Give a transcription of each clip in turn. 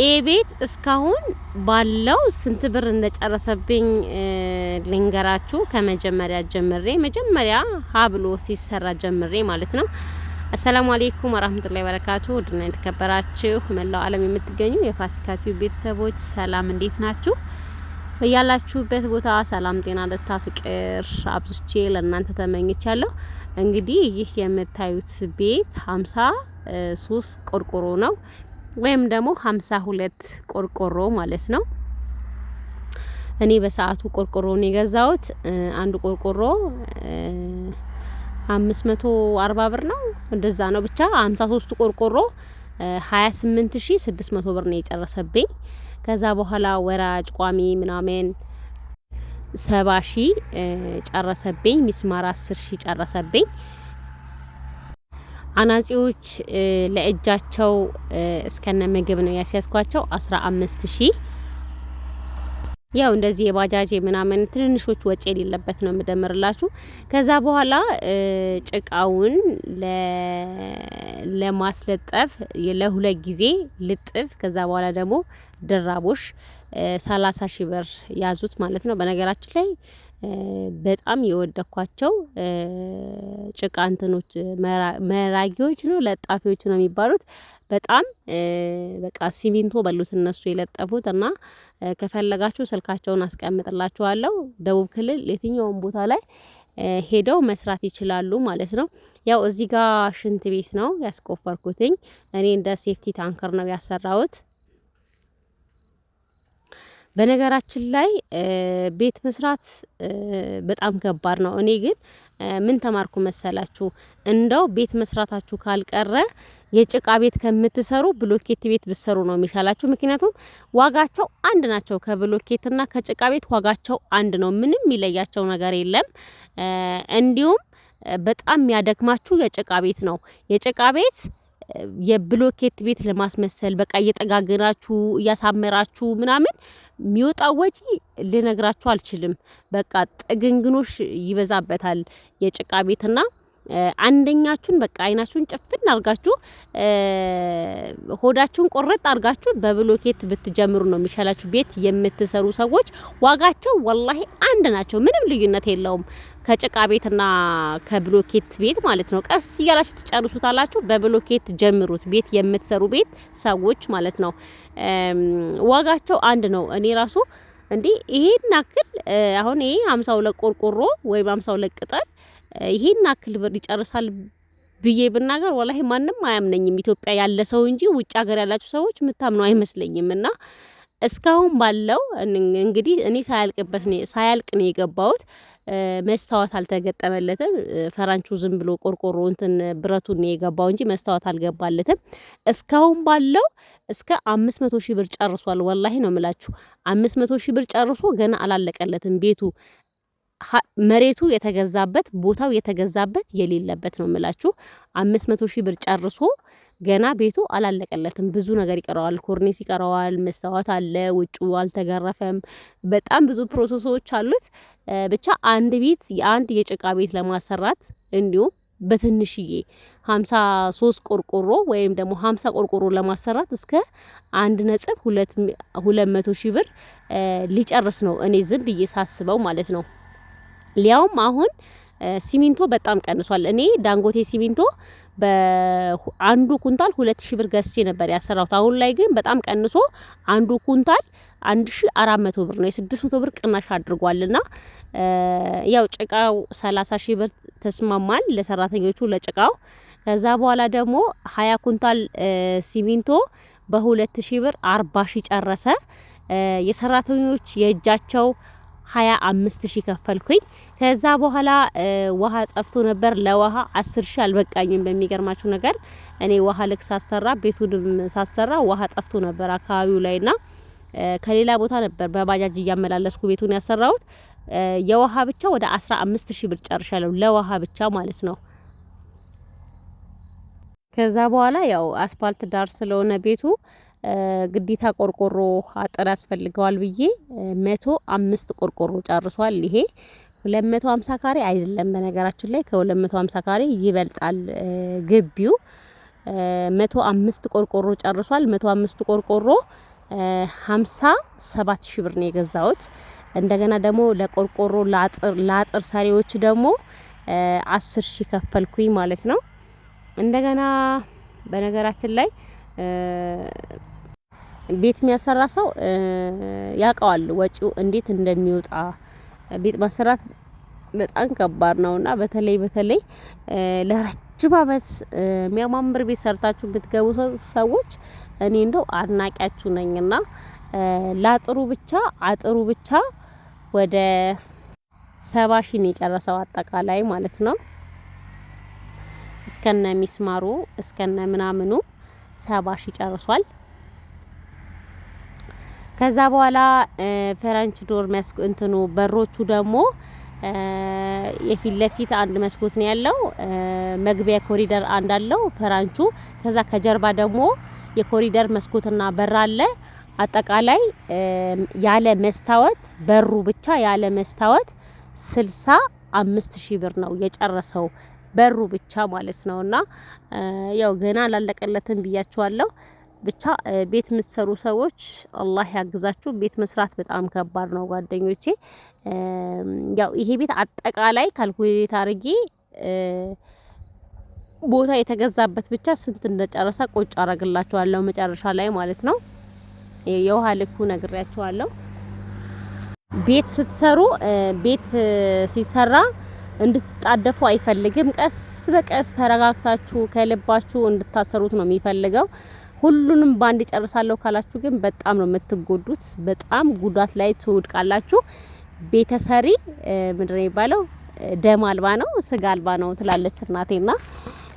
ይህ ቤት እስካሁን ባለው ስንት ብር እንደጨረሰብኝ ልንገራችሁ። ከመጀመሪያ ጀምሬ መጀመሪያ ሀብሎ ሲሰራ ጀምሬ ማለት ነው። አሰላሙ አሌይኩም ወራህመቱላሂ ወበረካቱ። ውድና የተከበራችሁ መላው ዓለም የምትገኙ የፋሲካቲ ቤተሰቦች ሰላም፣ እንዴት ናችሁ? በያላችሁበት ቦታ ሰላም፣ ጤና፣ ደስታ፣ ፍቅር አብዝቼ ለእናንተ ተመኝቻለሁ። እንግዲህ ይህ የምታዩት ቤት ሀምሳ ሶስት ቆርቆሮ ነው ወይም ደግሞ ሀምሳ ሁለት ቆርቆሮ ማለት ነው። እኔ በሰዓቱ ቆርቆሮን የገዛሁት አንዱ ቆርቆሮ አምስት መቶ አርባ ብር ነው እንደዛ ነው። ብቻ ሀምሳ ሶስቱ ቆርቆሮ ሀያ ስምንት ሺ ስድስት መቶ ብር ነው የጨረሰብኝ። ከዛ በኋላ ወራጅ ቋሚ ምናምን ሰባ ሺ ጨረሰብኝ። ሚስማር አስር ሺ ጨረሰብኝ። አናጺዎች ለእጃቸው እስከነ ምግብ ነው ያስያዝኳቸው አስራ አምስት ሺህ ያው እንደዚህ የባጃጅ ምናምን ትንንሾች ወጪ የሌለበት ነው የምደምርላችሁ። ከዛ በኋላ ጭቃውን ለማስለጠፍ ለሁለት ጊዜ ልጥፍ። ከዛ በኋላ ደግሞ ድራቦሽ ሰላሳ ሺ ብር ያዙት ማለት ነው። በነገራችን ላይ በጣም የወደኳቸው ጭቃ እንትኖች መራጊዎች ነው ለጣፊዎች ነው የሚባሉት። በጣም በቃ ሲሚንቶ በሉት እነሱ የለጠፉት እና ከፈለጋችሁ ስልካቸውን አስቀምጥላችኋለሁ። ደቡብ ክልል የትኛውን ቦታ ላይ ሄደው መስራት ይችላሉ ማለት ነው። ያው እዚህ ጋር ሽንት ቤት ነው ያስቆፈርኩትኝ እኔ እንደ ሴፍቲ ታንከር ነው ያሰራሁት። በነገራችን ላይ ቤት መስራት በጣም ከባድ ነው። እኔ ግን ምን ተማርኩ መሰላችሁ? እንደው ቤት መስራታችሁ ካልቀረ የጭቃ ቤት ከምትሰሩ ብሎኬት ቤት ብትሰሩ ነው የሚሻላችሁ። ምክንያቱም ዋጋቸው አንድ ናቸው። ከብሎኬትና ከጭቃ ቤት ዋጋቸው አንድ ነው። ምንም የሚለያቸው ነገር የለም። እንዲሁም በጣም የሚያደክማችሁ የጭቃ ቤት ነው። የጭቃ ቤት የብሎኬት ቤት ለማስመሰል በቃ እየጠጋገናችሁ እያሳመራችሁ ምናምን የሚወጣው ወጪ ልነግራችሁ አልችልም። በቃ ጥግንግኖሽ ይበዛበታል የጭቃ ቤትና አንደኛችሁን በቃ አይናችሁን ጭፍን አርጋችሁ ሆዳችሁን ቆረጥ አርጋችሁ በብሎኬት ብትጀምሩ ነው የሚሻላችሁ። ቤት የምትሰሩ ሰዎች ዋጋቸው ወላሂ አንድ ናቸው። ምንም ልዩነት የለውም። ከጭቃ ቤትና ከብሎኬት ቤት ማለት ነው። ቀስ እያላችሁ ትጨርሱታላችሁ። በብሎኬት ጀምሩት፣ ቤት የምትሰሩ ቤት ሰዎች ማለት ነው። ዋጋቸው አንድ ነው። እኔ ራሱ እንዲህ ይሄን ያክል አሁን ይሄ 52 ቆርቆሮ ወይም 52 ቅጠል ይሄን አክል ብር ይጨርሳል ብዬ ብናገር ወላሂ ማንም አያምነኝም። ኢትዮጵያ ያለ ሰው እንጂ ውጭ ሀገር ያላችሁ ሰዎች የምታምነው አይመስለኝም። እና እስካሁን ባለው እንግዲህ እኔ ሳያልቅበት ሳያልቅ ነው የገባሁት። መስታወት አልተገጠመለትም። ፈራንቹ ዝም ብሎ ቆርቆሮ እንትን ብረቱን ነው የገባው እንጂ መስታወት አልገባለትም። እስካሁን ባለው እስከ አምስት መቶ ሺህ ብር ጨርሷል። ወላሂ ነው የምላችሁ። አምስት መቶ ሺህ ብር ጨርሶ ገና አላለቀለትም ቤቱ መሬቱ የተገዛበት ቦታው የተገዛበት የሌለበት ነው የምላችሁ። አምስት መቶ ሺህ ብር ጨርሶ ገና ቤቱ አላለቀለትም። ብዙ ነገር ይቀረዋል። ኮርኒስ ይቀረዋል፣ መስታወት አለ፣ ውጩ አልተገረፈም። በጣም ብዙ ፕሮሰሶች አሉት። ብቻ አንድ ቤት የአንድ የጭቃ ቤት ለማሰራት እንዲሁም በትንሽዬ ሀምሳ ሶስት ቆርቆሮ ወይም ደግሞ ሀምሳ ቆርቆሮ ለማሰራት እስከ አንድ ነጥብ ሁለት መቶ ሺህ ብር ሊጨርስ ነው እኔ ዝም ብዬ ሳስበው ማለት ነው። ሊያውም አሁን ሲሚንቶ በጣም ቀንሷል። እኔ ዳንጎቴ ሲሚንቶ በአንዱ ኩንታል ሁለት ሺ ብር ገዝቼ ነበር ያሰራሁት። አሁን ላይ ግን በጣም ቀንሶ አንዱ ኩንታል አንድ ሺ አራት መቶ ብር ነው። የስድስት መቶ ብር ቅናሽ አድርጓልና ያው ጭቃው ሰላሳ ሺ ብር ተስማማል ለሰራተኞቹ ለጭቃው። ከዛ በኋላ ደግሞ ሀያ ኩንታል ሲሚንቶ በሁለት ሺ ብር አርባ ሺ ጨረሰ። የሰራተኞች የእጃቸው ሀያ አምስት ሺ ከፈልኩኝ። ከዛ በኋላ ውሃ ጠፍቶ ነበር። ለውሃ አስር ሺ አልበቃኝም። በሚገርማችሁ ነገር እኔ ውሃ ልክ ሳሰራ ቤቱንም ሳሰራ ውሃ ጠፍቶ ነበር አካባቢው ላይና ከሌላ ቦታ ነበር በባጃጅ እያመላለስኩ ቤቱን ያሰራሁት። የውሃ ብቻ ወደ አስራ አምስት ሺ ብር ጨርሻለሁ። ለውሃ ብቻ ማለት ነው። ከዛ በኋላ ያው አስፓልት ዳር ስለሆነ ቤቱ ግዴታ ቆርቆሮ አጥር ያስፈልገዋል ብዬ መቶ አምስት ቆርቆሮ ጨርሷል ይሄ 250 ካሬ አይደለም በነገራችን ላይ ከ250 ካሬ ይበልጣል ግቢው። 105 ቆርቆሮ ጨርሷል። 105 ቆርቆሮ 57 ሺህ ብር ነው የገዛሁት። እንደገና ደግሞ ለቆርቆሮ ለአጥር ሰሪዎች ደግሞ አስር ሺህ ከፈልኩኝ ማለት ነው። እንደገና በነገራችን ላይ ቤት የሚያሰራ ሰው ያውቀዋል ወጪው እንዴት እንደሚወጣ ቤት ማሰራት በጣም ከባድ ነውና በተለይ በተለይ ለረጅም ዓመት የሚያማምር ቤት ሰርታችሁ ብትገቡ ሰዎች እኔ እንደው አድናቂያችሁ ነኝና ለአጥሩ ብቻ አጥሩ ብቻ ወደ ሰባ ሺህ የጨረሰው አጠቃላይ ማለት ነው። እስከነ ሚስማሩ እስከነ ምናምኑ ሰባ ሺህ ጨርሷል። ከዛ በኋላ ፍረንች ዶር መስኩ እንትኑ በሮቹ ደግሞ የፊት ለፊት አንድ መስኮት ነው ያለው። መግቢያ ኮሪደር አንድ አለው ፍራንቹ። ከዛ ከጀርባ ደግሞ የኮሪደር መስኮትና በር አለ። አጠቃላይ ያለ መስታወት በሩ ብቻ ያለ መስታወት ስልሳ አምስት ሺህ ብር ነው የጨረሰው በሩ ብቻ ማለት ነውና ያው ገና አላለቀለትም ብያችኋለሁ። ብቻ ቤት የምትሰሩ ሰዎች አላህ ያግዛችሁ። ቤት መስራት በጣም ከባድ ነው ጓደኞቼ። ያው ይሄ ቤት አጠቃላይ ካልኩሌት አድርጌ ቦታ የተገዛበት ብቻ ስንት እንደጨረሰ ቆጭ አረግላችኋለሁ መጨረሻ ላይ ማለት ነው። የውሃ ልኩ ነግሬያችኋለሁ። ቤት ስትሰሩ ቤት ሲሰራ እንድትጣደፉ አይፈልግም። ቀስ በቀስ ተረጋግታችሁ ከልባችሁ እንድታሰሩት ነው የሚፈልገው። ሁሉንም ባንድ ጨርሳለሁ ካላችሁ ግን በጣም ነው የምትጎዱት። በጣም ጉዳት ላይ ትወድቃላችሁ። ቤተሰሪ ምንድነው የሚባለው? ደም አልባ ነው ስጋ አልባ ነው ትላለች እናቴና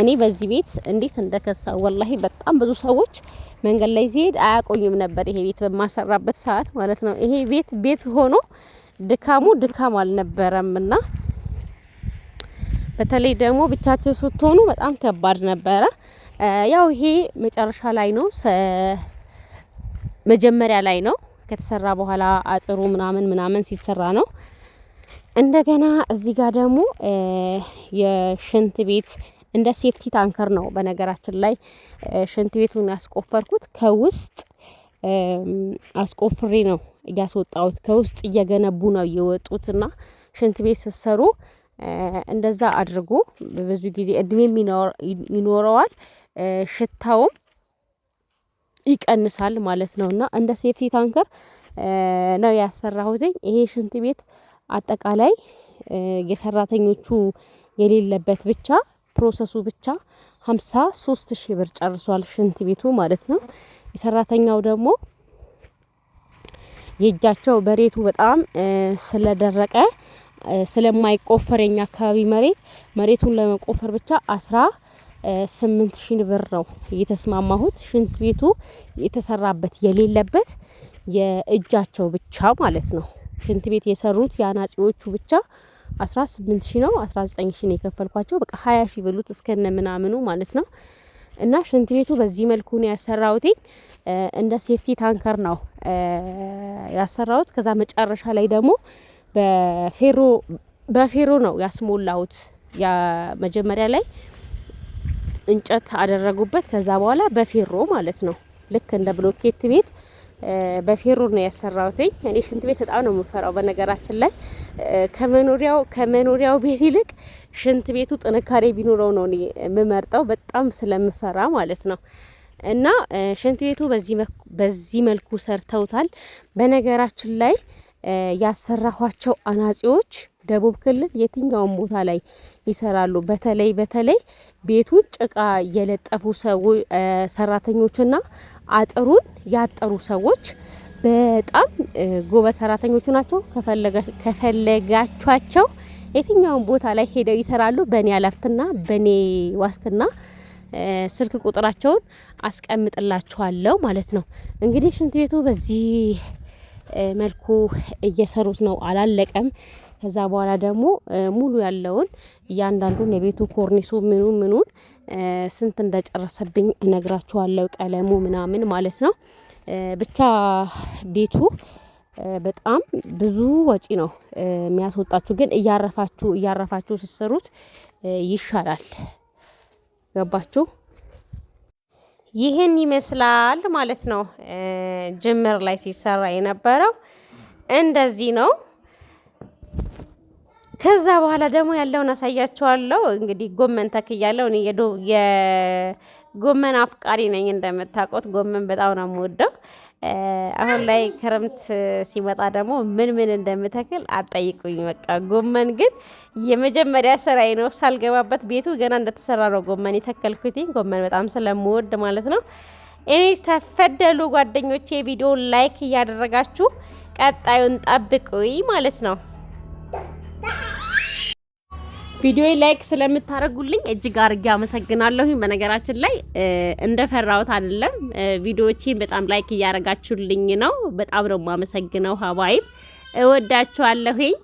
እኔ በዚህ ቤት እንዴት እንደከሳ ወላሂ በጣም ብዙ ሰዎች መንገድ ላይ ሲሄድ አያቆኝም ነበር። ይሄ ቤት በማሰራበት ሰዓት ማለት ነው። ይሄ ቤት ቤት ሆኖ ድካሙ ድካም አልነበረም እና በተለይ ደግሞ ብቻቸው ስትሆኑ በጣም ከባድ ነበረ። ያው ይሄ መጨረሻ ላይ ነው፣ መጀመሪያ ላይ ነው። ከተሰራ በኋላ አጥሩ ምናምን ምናምን ሲሰራ ነው። እንደገና እዚህ ጋር ደግሞ የሽንት ቤት እንደ ሴፍቲ ታንከር ነው። በነገራችን ላይ ሽንት ቤቱን ያስቆፈርኩት ከውስጥ አስቆፍሬ ነው እያስወጣሁት። ከውስጥ እየገነቡ ነው የወጡትና ሽንት ቤት ስትሰሩ እንደዛ አድርጎ ብዙ ጊዜ እድሜም ይኖረዋል። ሽታውም ይቀንሳል ማለት ነው። እና እንደ ሴፍቲ ታንከር ነው ያሰራሁትኝ። ይሄ ሽንት ቤት አጠቃላይ የሰራተኞቹ የሌለበት ብቻ ፕሮሰሱ ብቻ ሀምሳ ሶስት ሺህ ብር ጨርሷል ሽንት ቤቱ ማለት ነው። የሰራተኛው ደግሞ የእጃቸው በሬቱ በጣም ስለደረቀ ስለማይቆፈር የኛ አካባቢ መሬት መሬቱን ለመቆፈር ብቻ አስራ ስምንት ሺህ ብር ነው የተስማማሁት። ሽንት ቤቱ የተሰራበት የሌለበት የእጃቸው ብቻ ማለት ነው። ሽንት ቤት የሰሩት የአናጺዎቹ ብቻ አስራ ስምንት ሺህ ነው። አስራ ዘጠኝ ሺህ ነው የከፈልኳቸው። በቃ ሀያ ሺህ ብሉት እስከነ ምናምኑ ማለት ነው። እና ሽንት ቤቱ በዚህ መልኩ ነው ያሰራሁት። እንደ ሴፍቲ ታንከር ነው ያሰራሁት። ከዛ መጨረሻ ላይ ደግሞ በፌሮ በፌሮ ነው ያስሞላሁት። መጀመሪያ ላይ እንጨት አደረጉበት። ከዛ በኋላ በፌሮ ማለት ነው ልክ እንደ ብሎኬት ቤት በፌሮ ነው ያሰራውትኝ። እኔ ሽንት ቤት በጣም ነው የምፈራው በነገራችን ላይ ከመኖሪያው ከመኖሪያው ቤት ይልቅ ሽንት ቤቱ ጥንካሬ ቢኖረው ነው የምመርጠው በጣም ስለምፈራ ማለት ነው። እና ሽንት ቤቱ በዚህ መልኩ ሰርተውታል። በነገራችን ላይ ያሰራኋቸው አናጺዎች ደቡብ ክልል የትኛውም ቦታ ላይ ይሰራሉ። በተለይ በተለይ ቤቱን ጭቃ የለጠፉ ሰራተኞች ሰራተኞችና አጥሩን ያጠሩ ሰዎች በጣም ጎበዝ ሰራተኞቹ ናቸው። ከፈለጋችኋቸው የትኛውን ቦታ ላይ ሄደው ይሰራሉ። በእኔ አላፍትና በእኔ ዋስትና ስልክ ቁጥራቸውን አስቀምጥላችኋለሁ ማለት ነው። እንግዲህ ሽንት ቤቱ በዚህ መልኩ እየሰሩት ነው፣ አላለቀም። ከዛ በኋላ ደግሞ ሙሉ ያለውን እያንዳንዱን የቤቱ ኮርኒሱ ምኑ ምኑን ስንት እንደጨረሰብኝ እነግራችኋለሁ። ቀለሙ ምናምን ማለት ነው። ብቻ ቤቱ በጣም ብዙ ወጪ ነው የሚያስወጣችሁ፣ ግን እያረፋችሁ እያረፋችሁ ስትሰሩት ይሻላል። ገባችሁ? ይህን ይመስላል ማለት ነው። ጅምር ላይ ሲሰራ የነበረው እንደዚህ ነው። ከዛ በኋላ ደግሞ ያለውን አሳያችኋለሁ። እንግዲህ ጎመን ተክያለሁ። እኔ የጎመን አፍቃሪ ነኝ እንደምታውቁት፣ ጎመን በጣም ነው የምወደው። አሁን ላይ ክረምት ሲመጣ ደግሞ ምን ምን እንደምተክል አጠይቁኝ። በቃ ጎመን ግን የመጀመሪያ ስራዬ ነው። ሳልገባበት ቤቱ ገና እንደተሰራ ነው ጎመን የተከልኩት። ጎመን በጣም ስለምወድ ማለት ነው። እኔ ተፈደሉ ጓደኞቼ፣ ቪዲዮ ላይክ እያደረጋችሁ ቀጣዩን ጠብቁኝ ማለት ነው። ቪዲዮ ላይክ ስለምታደርጉልኝ እጅግ አድርጌ አመሰግናለሁ። በነገራችን ላይ እንደፈራሁት አይደለም። ቪዲዮዎቼን በጣም ላይክ እያደረጋችሁልኝ ነው። በጣም ነው የማመሰግነው። ሀባይም እወዳችኋለሁኝ።